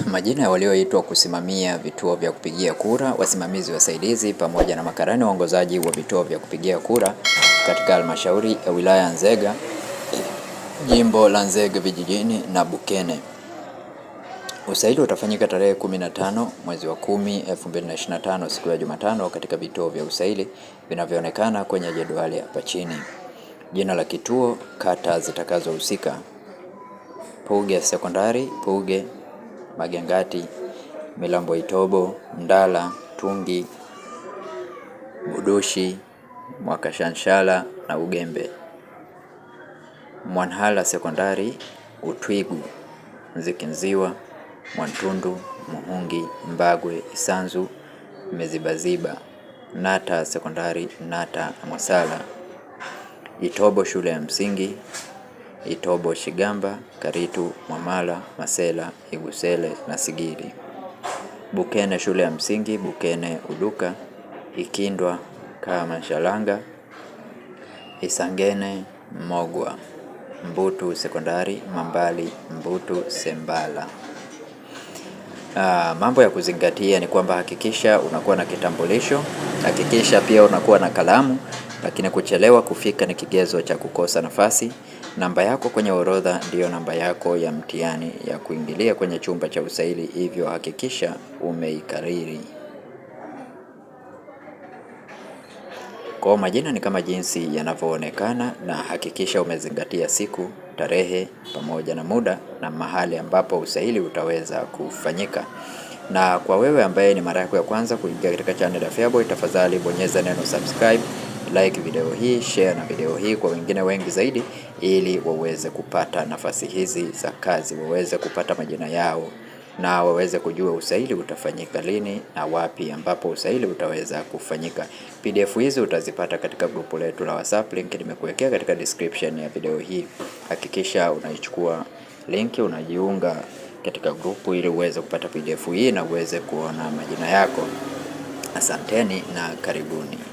Majina ya walioitwa kusimamia vituo vya kupigia kura, wasimamizi wasaidizi, pamoja na makarani waongozaji wa vituo vya kupigia kura katika halmashauri ya wilaya ya Nzega, jimbo la Nzega vijijini na Bukene. Usaili utafanyika tarehe 15 mwezi wa 10 2025, siku ya Jumatano, katika vituo vya usaili vinavyoonekana kwenye jedwali hapa chini. Jina la kituo, kata zitakazohusika: Puge Sekondari, Puge Magengati, Milambo Itobo, Mndala, Tungi, Budushi, Mwakashanshala na Ugembe. Mwanhala Sekondari, Utwigu, Nzikinziwa, Mwantundu, Muhungi, Mbagwe, Isanzu, Mezibaziba, Nata Sekondari, Nata na Mwasala. Itobo shule ya msingi Itobo Shigamba, Karitu, Mwamala, Masela, Igusele na Sigiri. Bukene shule ya msingi Bukene Uduka, Ikindwa kama Shalanga, Isangene Mogwa, Mbutu sekondari Mambali, Mbutu Sembala. Uh, mambo ya kuzingatia ni kwamba hakikisha unakuwa na kitambulisho, hakikisha pia unakuwa na kalamu, lakini kuchelewa kufika ni kigezo cha kukosa nafasi. Namba yako kwenye orodha ndiyo namba yako ya mtihani ya kuingilia kwenye chumba cha usaili, hivyo hakikisha umeikariri. Kwa majina ni kama jinsi yanavyoonekana, na hakikisha umezingatia siku, tarehe pamoja na muda na mahali ambapo usaili utaweza kufanyika. Na kwa wewe ambaye ni mara yako ya kwanza kuingia katika channel ya Feaboy, tafadhali bonyeza neno subscribe like video hii, share na video hii kwa wengine wengi zaidi, ili waweze kupata nafasi hizi za kazi, waweze kupata majina yao na waweze kujua usaili utafanyika lini na wapi ambapo usaili utaweza kufanyika. PDF hizi utazipata katika grupu letu la WhatsApp, link nimekuwekea katika description ya video hii. Hakikisha unaichukua link, unajiunga katika grupu ili uweze kupata PDF hii na uweze kuona majina yako. Asanteni na karibuni.